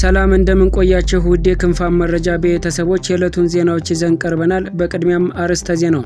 ሰላም እንደምንቆያችሁ ውዴ ክንፋን መረጃ ቤተሰቦች የዕለቱን ዜናዎች ይዘን ቀርበናል። በቅድሚያም አርዕስተ ዜናው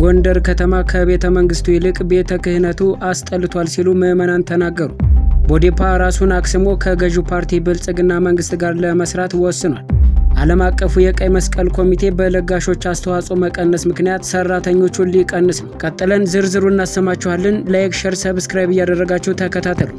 ጎንደር ከተማ ከቤተ መንግስቱ ይልቅ ቤተ ክህነቱ አስጠልቷል ሲሉ ምዕመናን ተናገሩ። ቦዴፓ ራሱን አክስሞ ከገዢው ፓርቲ ብልጽግና መንግስት ጋር ለመስራት ወስኗል። ዓለም አቀፉ የቀይ መስቀል ኮሚቴ በለጋሾች አስተዋጽኦ መቀነስ ምክንያት ሰራተኞቹን ሊቀንስ ነው። ቀጥለን ዝርዝሩ እናሰማችኋለን። ላይክ፣ ሸር፣ ሰብስክራይብ እያደረጋችሁ ተከታተሉ።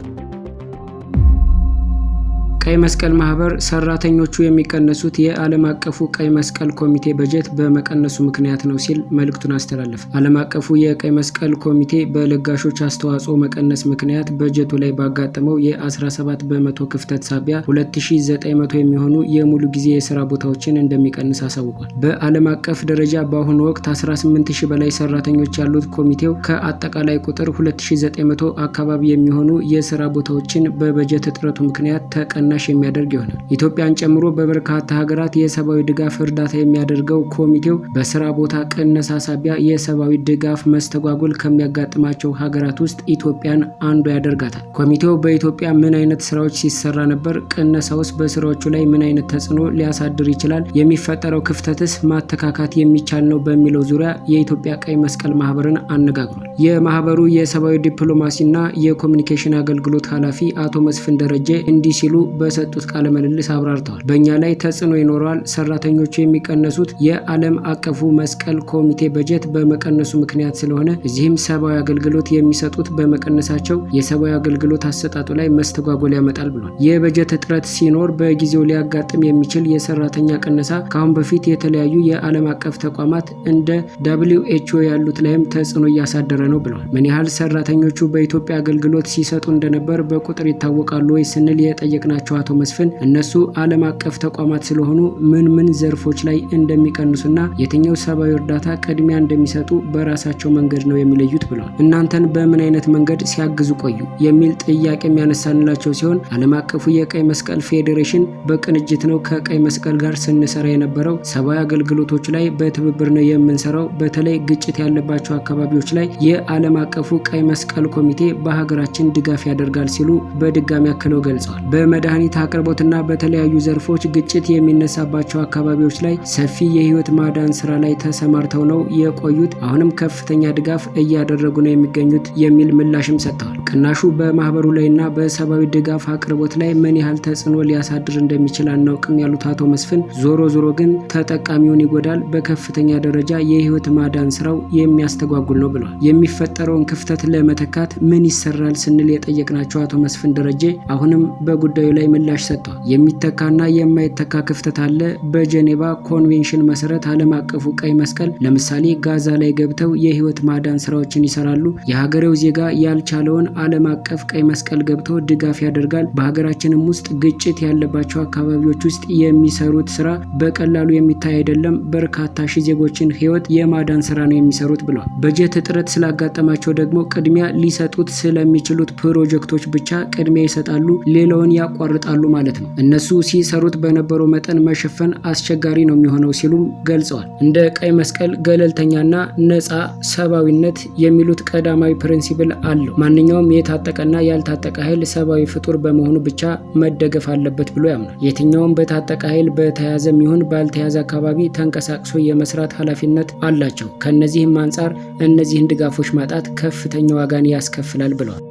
ቀይ መስቀል ማህበር ሰራተኞቹ የሚቀነሱት የዓለም አቀፉ ቀይ መስቀል ኮሚቴ በጀት በመቀነሱ ምክንያት ነው ሲል መልእክቱን አስተላለፈ። ዓለም አቀፉ የቀይ መስቀል ኮሚቴ በለጋሾች አስተዋጽኦ መቀነስ ምክንያት በጀቱ ላይ ባጋጠመው የ17 በመቶ ክፍተት ሳቢያ 2900 የሚሆኑ የሙሉ ጊዜ የስራ ቦታዎችን እንደሚቀንስ አሳውቋል። በዓለም አቀፍ ደረጃ በአሁኑ ወቅት 18000 በላይ ሰራተኞች ያሉት ኮሚቴው ከአጠቃላይ ቁጥር 2900 አካባቢ የሚሆኑ የስራ ቦታዎችን በበጀት እጥረቱ ምክንያት ተቀነ ተደራሽ የሚያደርግ ይሆናል። ኢትዮጵያን ጨምሮ በበርካታ ሀገራት የሰብአዊ ድጋፍ እርዳታ የሚያደርገው ኮሚቴው በስራ ቦታ ቅነሳ ሳቢያ የሰብአዊ ድጋፍ መስተጓጎል ከሚያጋጥማቸው ሀገራት ውስጥ ኢትዮጵያን አንዱ ያደርጋታል። ኮሚቴው በኢትዮጵያ ምን አይነት ስራዎች ሲሰራ ነበር? ቅነሳ ውስጥ በስራዎቹ ላይ ምን አይነት ተጽዕኖ ሊያሳድር ይችላል? የሚፈጠረው ክፍተትስ ማተካካት የሚቻል ነው? በሚለው ዙሪያ የኢትዮጵያ ቀይ መስቀል ማህበርን አነጋግሯል። የማህበሩ የሰብአዊ ዲፕሎማሲና የኮሚኒኬሽን አገልግሎት ኃላፊ አቶ መስፍን ደረጀ እንዲህ ሲሉ በሰጡት ቃለ ምልልስ አብራርተዋል። በእኛ ላይ ተጽዕኖ ይኖረዋል። ሰራተኞቹ የሚቀነሱት የዓለም አቀፉ መስቀል ኮሚቴ በጀት በመቀነሱ ምክንያት ስለሆነ እዚህም ሰብአዊ አገልግሎት የሚሰጡት በመቀነሳቸው የሰብአዊ አገልግሎት አሰጣጡ ላይ መስተጓጎል ያመጣል ብሏል። የበጀት እጥረት ሲኖር በጊዜው ሊያጋጥም የሚችል የሰራተኛ ቅነሳ ከአሁን በፊት የተለያዩ የዓለም አቀፍ ተቋማት እንደ ደብሊው ኤችኦ ያሉት ላይም ተጽዕኖ እያሳደረ ነው ብለዋል። ምን ያህል ሰራተኞቹ በኢትዮጵያ አገልግሎት ሲሰጡ እንደነበር በቁጥር ይታወቃሉ ወይ ስንል የጠየቅናቸው አቶ መስፍን እነሱ ዓለም አቀፍ ተቋማት ስለሆኑ ምን ምን ዘርፎች ላይ እንደሚቀንሱና የትኛው ሰብአዊ እርዳታ ቅድሚያ እንደሚሰጡ በራሳቸው መንገድ ነው የሚለዩት ብለዋል። እናንተን በምን አይነት መንገድ ሲያግዙ ቆዩ የሚል ጥያቄ የሚያነሳንላቸው ሲሆን ዓለም አቀፉ የቀይ መስቀል ፌዴሬሽን በቅንጅት ነው ከቀይ መስቀል ጋር ስንሰራ የነበረው ሰብአዊ አገልግሎቶች ላይ በትብብር ነው የምንሰራው። በተለይ ግጭት ያለባቸው አካባቢዎች ላይ የዓለም አቀፉ ቀይ መስቀል ኮሚቴ በሀገራችን ድጋፍ ያደርጋል ሲሉ በድጋሚ አክለው ገልጸዋል። በመድኃኒ በመድኃኒት አቅርቦትና በተለያዩ ዘርፎች ግጭት የሚነሳባቸው አካባቢዎች ላይ ሰፊ የህይወት ማዳን ስራ ላይ ተሰማርተው ነው የቆዩት። አሁንም ከፍተኛ ድጋፍ እያደረጉ ነው የሚገኙት የሚል ምላሽም ሰጥተዋል። ቅናሹ በማህበሩ ላይና በሰብአዊ ድጋፍ አቅርቦት ላይ ምን ያህል ተጽዕኖ ሊያሳድር እንደሚችል አናውቅም ያሉት አቶ መስፍን፣ ዞሮ ዞሮ ግን ተጠቃሚውን ይጎዳል፣ በከፍተኛ ደረጃ የህይወት ማዳን ስራው የሚያስተጓጉል ነው ብለዋል። የሚፈጠረውን ክፍተት ለመተካት ምን ይሰራል ስንል የጠየቅናቸው አቶ መስፍን ደረጀ አሁንም በጉዳዩ ላይ ላይ ምላሽ ሰጥቷል። የሚተካና የማይተካ ክፍተት አለ። በጀኔቫ ኮንቬንሽን መሰረት ዓለም አቀፉ ቀይ መስቀል ለምሳሌ ጋዛ ላይ ገብተው የህይወት ማዳን ስራዎችን ይሰራሉ። የሀገሬው ዜጋ ያልቻለውን ዓለም አቀፍ ቀይ መስቀል ገብቶ ድጋፍ ያደርጋል። በሀገራችንም ውስጥ ግጭት ያለባቸው አካባቢዎች ውስጥ የሚሰሩት ስራ በቀላሉ የሚታይ አይደለም። በርካታ ሺ ዜጎችን ህይወት የማዳን ስራ ነው የሚሰሩት ብለዋል። በጀት እጥረት ስላጋጠማቸው ደግሞ ቅድሚያ ሊሰጡት ስለሚችሉት ፕሮጀክቶች ብቻ ቅድሚያ ይሰጣሉ። ሌላውን ያቋር ይቆራረጣሉ ማለት ነው። እነሱ ሲሰሩት በነበረው መጠን መሸፈን አስቸጋሪ ነው የሚሆነው ሲሉም ገልጸዋል። እንደ ቀይ መስቀል ገለልተኛና ነፃ ሰብአዊነት የሚሉት ቀዳማዊ ፕሪንሲፕል አለው። ማንኛውም የታጠቀና ያልታጠቀ ኃይል ሰብአዊ ፍጡር በመሆኑ ብቻ መደገፍ አለበት ብሎ ያምናል። የትኛውም በታጠቀ ኃይል በተያዘም ይሁን ባልተያዘ አካባቢ ተንቀሳቅሶ የመስራት ኃላፊነት አላቸው። ከእነዚህም አንጻር እነዚህን ድጋፎች ማጣት ከፍተኛ ዋጋን ያስከፍላል ብለዋል።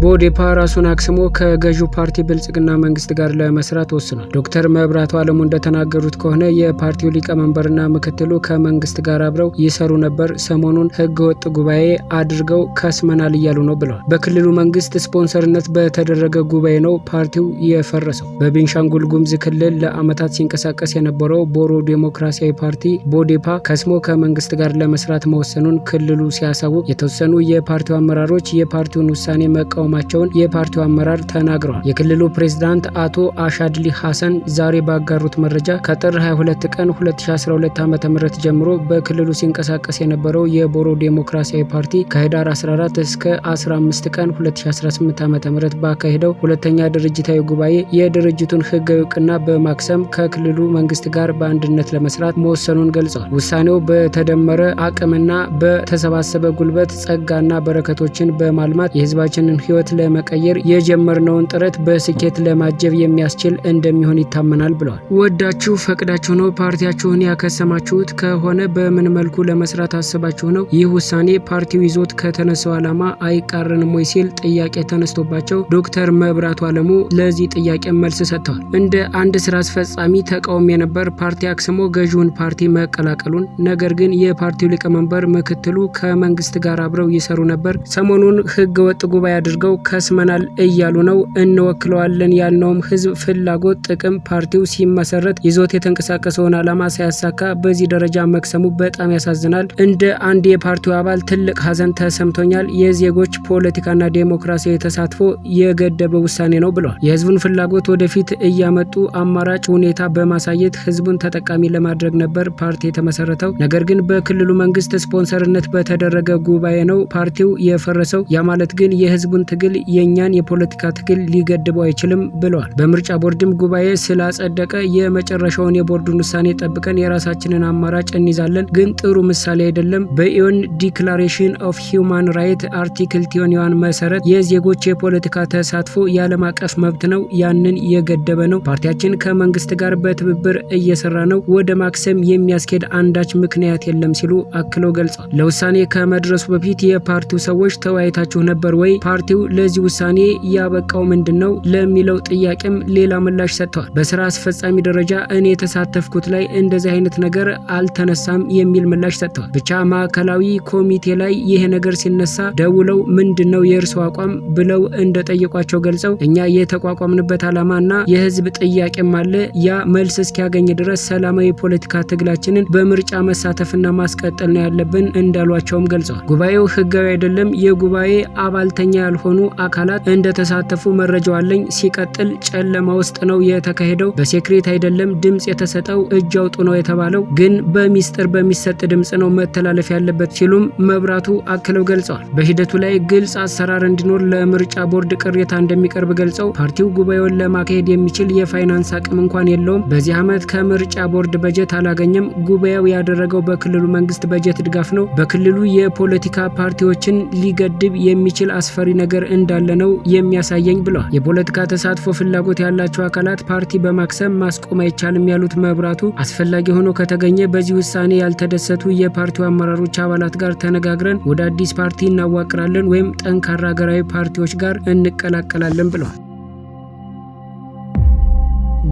በኦዴፓ ራሱን አክስሞ ከገዢው ፓርቲ ብልጽግና መንግስት ጋር ለመስራት ወስኗል። ዶክተር መብራቱ አለሙ እንደተናገሩት ከሆነ የፓርቲው ሊቀመንበርና ምክትሉ ከመንግስት ጋር አብረው ይሰሩ ነበር። ሰሞኑን ወጥ ጉባኤ አድርገው ከስመናል እያሉ ነው ብለዋል። በክልሉ መንግስት ስፖንሰርነት በተደረገ ጉባኤ ነው ፓርቲው የፈረሰው። በቤንሻንጉል ጉሙዝ ክልል ለአመታት ሲንቀሳቀስ የነበረው ቦሮ ዴሞክራሲያዊ ፓርቲ ቦዴፓ ከስሞ ከመንግስት ጋር ለመስራት መወሰኑን ክልሉ ሲያሳውቅ የተወሰኑ የፓርቲው አመራሮች የፓርቲውን ውሳኔ መቃወም መቃወማቸውን የፓርቲው አመራር ተናግረዋል። የክልሉ ፕሬዝዳንት አቶ አሻድሊ ሐሰን ዛሬ ባጋሩት መረጃ ከጥር 22 ቀን 2012 ዓ ም ጀምሮ በክልሉ ሲንቀሳቀስ የነበረው የቦሮ ዴሞክራሲያዊ ፓርቲ ከህዳር 14 እስከ 15 ቀን 2018 ዓ ም ባካሄደው ሁለተኛ ድርጅታዊ ጉባኤ የድርጅቱን ህጋዊ እውቅና በማክሰም ከክልሉ መንግስት ጋር በአንድነት ለመስራት መወሰኑን ገልጸዋል። ውሳኔው በተደመረ አቅምና በተሰባሰበ ጉልበት ጸጋና በረከቶችን በማልማት የህዝባችንን ህይወት ለመቀየር የጀመርነውን ጥረት በስኬት ለማጀብ የሚያስችል እንደሚሆን ይታመናል ብለዋል። ወዳችሁ ፈቅዳችሁ ነው ፓርቲያችሁን ያከሰማችሁት ከሆነ በምን መልኩ ለመስራት አስባችሁ ነው? ይህ ውሳኔ ፓርቲው ይዞት ከተነሳው ዓላማ አይቃረንም ወይ ሲል ጥያቄ ተነስቶባቸው ዶክተር መብራቱ አለሙ ለዚህ ጥያቄ መልስ ሰጥተዋል። እንደ አንድ ስራ አስፈጻሚ ተቃውሞ የነበር ፓርቲ አክስሞ ገዢውን ፓርቲ መቀላቀሉን፣ ነገር ግን የፓርቲው ሊቀመንበር ምክትሉ ከመንግስት ጋር አብረው ይሰሩ ነበር፣ ሰሞኑን ህገ ወጥ ጉባኤ አድርገው አድርገው ከስመናል እያሉ ነው። እንወክለዋለን ያልነውም ህዝብ ፍላጎት፣ ጥቅም ፓርቲው ሲመሰረት ይዞት የተንቀሳቀሰውን ዓላማ ሳያሳካ በዚህ ደረጃ መክሰሙ በጣም ያሳዝናል። እንደ አንድ የፓርቲው አባል ትልቅ ሀዘን ተሰምቶኛል። የዜጎች ፖለቲካና ዴሞክራሲያዊ ተሳትፎ የገደበ ውሳኔ ነው ብለዋል። የህዝቡን ፍላጎት ወደፊት እያመጡ አማራጭ ሁኔታ በማሳየት ህዝቡን ተጠቃሚ ለማድረግ ነበር ፓርቲ የተመሰረተው። ነገር ግን በክልሉ መንግስት ስፖንሰርነት በተደረገ ጉባኤ ነው ፓርቲው የፈረሰው። ያ ማለት ግን የህዝቡን ትግል የእኛን የፖለቲካ ትግል ሊገድበው አይችልም ብለዋል። በምርጫ ቦርድም ጉባኤ ስላጸደቀ የመጨረሻውን የቦርዱን ውሳኔ ጠብቀን የራሳችንን አማራጭ እንይዛለን፣ ግን ጥሩ ምሳሌ አይደለም። በኢዮን ዲክላሬሽን ኦፍ ሂውማን ራይት አርቲክል ቲዮኒዋን መሰረት የዜጎች የፖለቲካ ተሳትፎ የዓለም አቀፍ መብት ነው። ያንን የገደበ ነው። ፓርቲያችን ከመንግስት ጋር በትብብር እየሰራ ነው። ወደ ማክሰም የሚያስኬድ አንዳች ምክንያት የለም ሲሉ አክለው ገልጸዋል። ለውሳኔ ከመድረሱ በፊት የፓርቲው ሰዎች ተወያይታችሁ ነበር ወይ? ፓርቲው ለዚህ ውሳኔ ያበቃው ምንድን ነው ለሚለው ጥያቄም ሌላ ምላሽ ሰጥተዋል። በስራ አስፈጻሚ ደረጃ እኔ የተሳተፍኩት ላይ እንደዚህ አይነት ነገር አልተነሳም የሚል ምላሽ ሰጥተዋል። ብቻ ማዕከላዊ ኮሚቴ ላይ ይሄ ነገር ሲነሳ ደውለው ምንድን ነው የእርስዎ አቋም ብለው እንደጠየቋቸው ገልጸው እኛ የተቋቋምንበት ዓላማ እና የህዝብ ጥያቄም አለ ያ መልስ እስኪያገኝ ድረስ ሰላማዊ የፖለቲካ ትግላችንን በምርጫ መሳተፍና ማስቀጠል ነው ያለብን እንዳሏቸውም ገልጸዋል። ጉባኤው ህጋዊ አይደለም፣ የጉባኤ አባልተኛ ያልሆኑ የሆኑ አካላት እንደተሳተፉ መረጃው አለኝ። ሲቀጥል ጨለማ ውስጥ ነው የተካሄደው። በሴክሬት አይደለም ድምፅ የተሰጠው። እጅ አውጡ ነው የተባለው። ግን በሚስጥር በሚሰጥ ድምፅ ነው መተላለፍ ያለበት ሲሉም መብራቱ አክለው ገልጸዋል። በሂደቱ ላይ ግልጽ አሰራር እንዲኖር ለምርጫ ቦርድ ቅሬታ እንደሚቀርብ ገልጸው ፓርቲው ጉባኤውን ለማካሄድ የሚችል የፋይናንስ አቅም እንኳን የለውም። በዚህ ዓመት ከምርጫ ቦርድ በጀት አላገኘም። ጉባኤው ያደረገው በክልሉ መንግስት በጀት ድጋፍ ነው። በክልሉ የፖለቲካ ፓርቲዎችን ሊገድብ የሚችል አስፈሪ ነገር እንዳለ ነው የሚያሳየኝ ብለዋል። የፖለቲካ ተሳትፎ ፍላጎት ያላቸው አካላት ፓርቲ በማክሰም ማስቆም አይቻልም ያሉት መብራቱ አስፈላጊ ሆኖ ከተገኘ በዚህ ውሳኔ ያልተደሰቱ የፓርቲው አመራሮች አባላት ጋር ተነጋግረን ወደ አዲስ ፓርቲ እናዋቅራለን ወይም ጠንካራ ሀገራዊ ፓርቲዎች ጋር እንቀላቀላለን ብለዋል።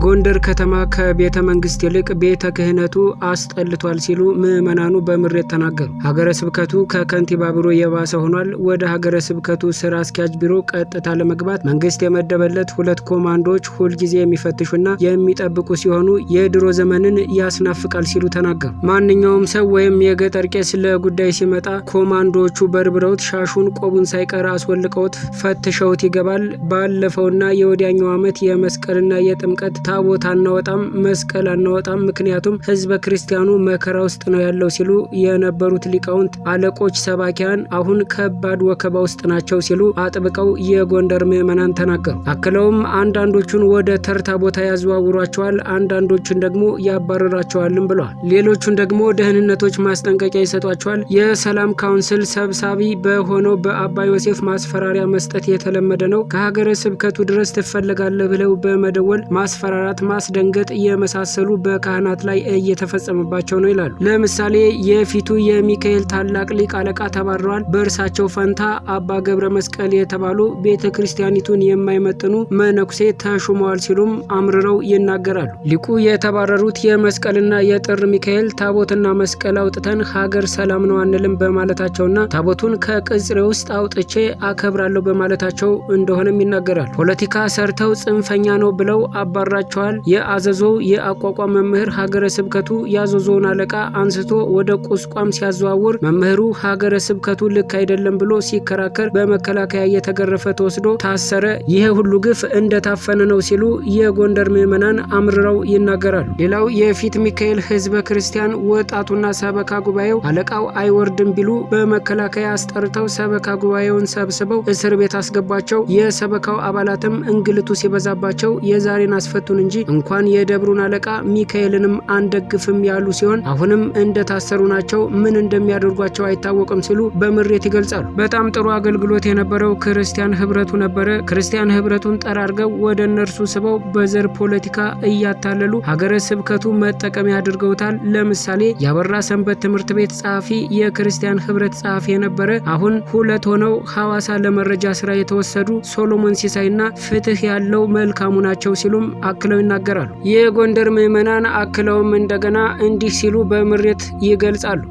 ጎንደር ከተማ ከቤተ መንግስት ይልቅ ቤተ ክህነቱ አስጠልቷል ሲሉ ምዕመናኑ በምሬት ተናገሩ። ሀገረ ስብከቱ ከከንቲባ ቢሮ የባሰ ሆኗል። ወደ ሀገረ ስብከቱ ስራ አስኪያጅ ቢሮ ቀጥታ ለመግባት መንግስት የመደበለት ሁለት ኮማንዶዎች ሁልጊዜ የሚፈትሹና የሚጠብቁ ሲሆኑ የድሮ ዘመንን ያስናፍቃል ሲሉ ተናገሩ። ማንኛውም ሰው ወይም የገጠር ቄስ ለጉዳይ ሲመጣ ኮማንዶዎቹ በርብረውት ሻሹን ቆቡን ሳይቀር አስወልቀውት ፈትሸውት ይገባል። ባለፈውና የወዲያኛው ዓመት የመስቀልና የጥምቀት ታቦት አናወጣም፣ መስቀል አናወጣም፣ ምክንያቱም ህዝበ ክርስቲያኑ መከራ ውስጥ ነው ያለው ሲሉ የነበሩት ሊቃውንት አለቆች፣ ሰባኪያን አሁን ከባድ ወከባ ውስጥ ናቸው ሲሉ አጥብቀው የጎንደር ምዕመናን ተናገሩ። አክለውም አንዳንዶቹን ወደ ተርታ ቦታ ያዘዋውሯቸዋል፣ አንዳንዶቹን ደግሞ ያባረራቸዋልም ብለዋል። ሌሎቹን ደግሞ ደህንነቶች ማስጠንቀቂያ ይሰጧቸዋል። የሰላም ካውንስል ሰብሳቢ በሆነው በአባ ዮሴፍ ማስፈራሪያ መስጠት የተለመደ ነው። ከሀገረ ስብከቱ ድረስ ትፈለጋለህ ብለው በመደወል ማስፈራ ማስፈራራት፣ ማስደንገጥ የመሳሰሉ በካህናት ላይ እየተፈጸመባቸው ነው ይላሉ። ለምሳሌ የፊቱ የሚካኤል ታላቅ ሊቅ አለቃ ተባረዋል። በእርሳቸው ፈንታ አባ ገብረ መስቀል የተባሉ ቤተ ክርስቲያኒቱን የማይመጥኑ መነኩሴ ተሹመዋል ሲሉም አምርረው ይናገራሉ። ሊቁ የተባረሩት የመስቀልና የጥር ሚካኤል ታቦትና መስቀል አውጥተን ሀገር ሰላም ነው አንልም በማለታቸውና ታቦቱን ከቅጽሬ ውስጥ አውጥቼ አከብራለሁ በማለታቸው እንደሆነም ይናገራል። ፖለቲካ ሰርተው ጽንፈኛ ነው ብለው አባራ ይኖራቸዋል። የአዘዞ የአቋቋም መምህር ሀገረ ስብከቱ የአዘዞውን አለቃ አንስቶ ወደ ቁስቋም ሲያዘዋውር መምህሩ ሀገረ ስብከቱ ልክ አይደለም ብሎ ሲከራከር በመከላከያ እየተገረፈ ተወስዶ ታሰረ። ይሄ ሁሉ ግፍ እንደታፈነ ነው ሲሉ የጎንደር ምዕመናን አምርረው ይናገራሉ። ሌላው የፊት ሚካኤል ህዝበ ክርስቲያን ወጣቱና ሰበካ ጉባኤው አለቃው አይወርድም ቢሉ በመከላከያ አስጠርተው ሰበካ ጉባኤውን ሰብስበው እስር ቤት አስገቧቸው። የሰበካው አባላትም እንግልቱ ሲበዛባቸው የዛሬን አስፈቱ ሰራዊቱን እንጂ እንኳን የደብሩን አለቃ ሚካኤልንም አንደግፍም ያሉ ሲሆን አሁንም እንደታሰሩ ናቸው። ምን እንደሚያደርጓቸው አይታወቅም ሲሉ በምሬት ይገልጻሉ። በጣም ጥሩ አገልግሎት የነበረው ክርስቲያን ህብረቱ ነበረ። ክርስቲያን ህብረቱን ጠራርገው ወደ እነርሱ ስበው በዘር ፖለቲካ እያታለሉ ሀገረ ስብከቱ መጠቀሚያ አድርገውታል። ለምሳሌ ያበራ ሰንበት ትምህርት ቤት ጸሐፊ የክርስቲያን ህብረት ጸሐፊ የነበረ አሁን ሁለት ሆነው ሐዋሳ ለመረጃ ስራ የተወሰዱ ሶሎሞን ሲሳይና ፍትህ ያለው መልካሙ ናቸው ሲሉም አክለው ይናገራሉ። የጎንደር ምዕመናን አክለውም እንደገና እንዲህ ሲሉ በምሬት ይገልጻሉ።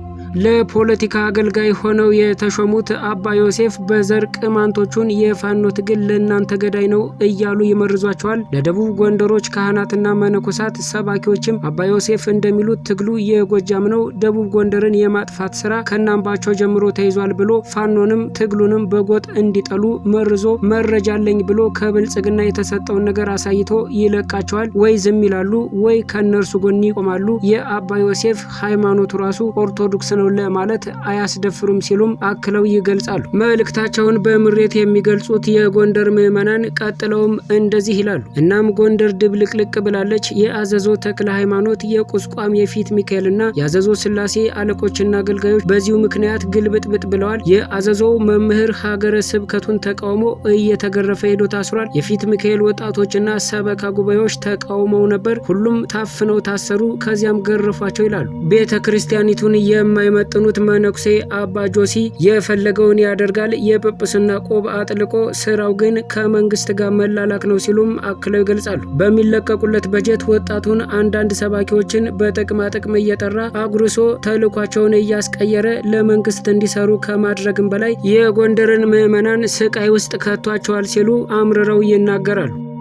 ለፖለቲካ አገልጋይ ሆነው የተሾሙት አባ ዮሴፍ በዘር ቅማንቶቹን የፋኖ ትግል ለእናንተ ገዳይ ነው እያሉ ይመርዟቸዋል። ለደቡብ ጎንደሮች ካህናትና መነኮሳት ሰባኪዎችም አባ ዮሴፍ እንደሚሉት ትግሉ የጎጃም ነው፣ ደቡብ ጎንደርን የማጥፋት ስራ ከናምባቸው ጀምሮ ተይዟል ብሎ ፋኖንም ትግሉንም በጎጥ እንዲጠሉ መርዞ መረጃለኝ ብሎ ከብልጽግና የተሰጠውን ነገር አሳይቶ ይለቃቸዋል። ወይ ዝም ይላሉ፣ ወይ ከእነርሱ ጎን ይቆማሉ። የአባ ዮሴፍ ሃይማኖቱ ራሱ ኦርቶዶክስ ነው ነው ለማለት አያስደፍሩም ሲሉም አክለው ይገልጻሉ። መልእክታቸውን በምሬት የሚገልጹት የጎንደር ምዕመናን ቀጥለውም እንደዚህ ይላሉ። እናም ጎንደር ድብልቅልቅ ብላለች። የአዘዞ ተክለ ሃይማኖት፣ የቁስቋም፣ የፊት ሚካኤልና የአዘዞ ስላሴ አለቆችና አገልጋዮች በዚሁ ምክንያት ግልብጥብጥ ብለዋል። የአዘዞው መምህር ሀገረ ስብከቱን ተቃውሞ እየተገረፈ ሄዶ ታስሯል። የፊት ሚካኤል ወጣቶችና ሰበካ ጉባኤዎች ተቃውመው ነበር። ሁሉም ታፍነው ታሰሩ፣ ከዚያም ገረፏቸው ይላሉ። ቤተ ክርስቲያኒቱን የማይ የመጥኑት መነኩሴ አባ ጆሲ የፈለገውን ያደርጋል፣ የጵጵስና ቆብ አጥልቆ ስራው ግን ከመንግስት ጋር መላላክ ነው ሲሉም አክለው ይገልጻሉ። በሚለቀቁለት በጀት ወጣቱን አንዳንድ ሰባኪዎችን በጥቅማ ጥቅም እየጠራ አጉርሶ ተልኳቸውን እያስቀየረ ለመንግስት እንዲሰሩ ከማድረግም በላይ የጎንደርን ምዕመናን ስቃይ ውስጥ ከቷቸዋል ሲሉ አምርረው ይናገራሉ።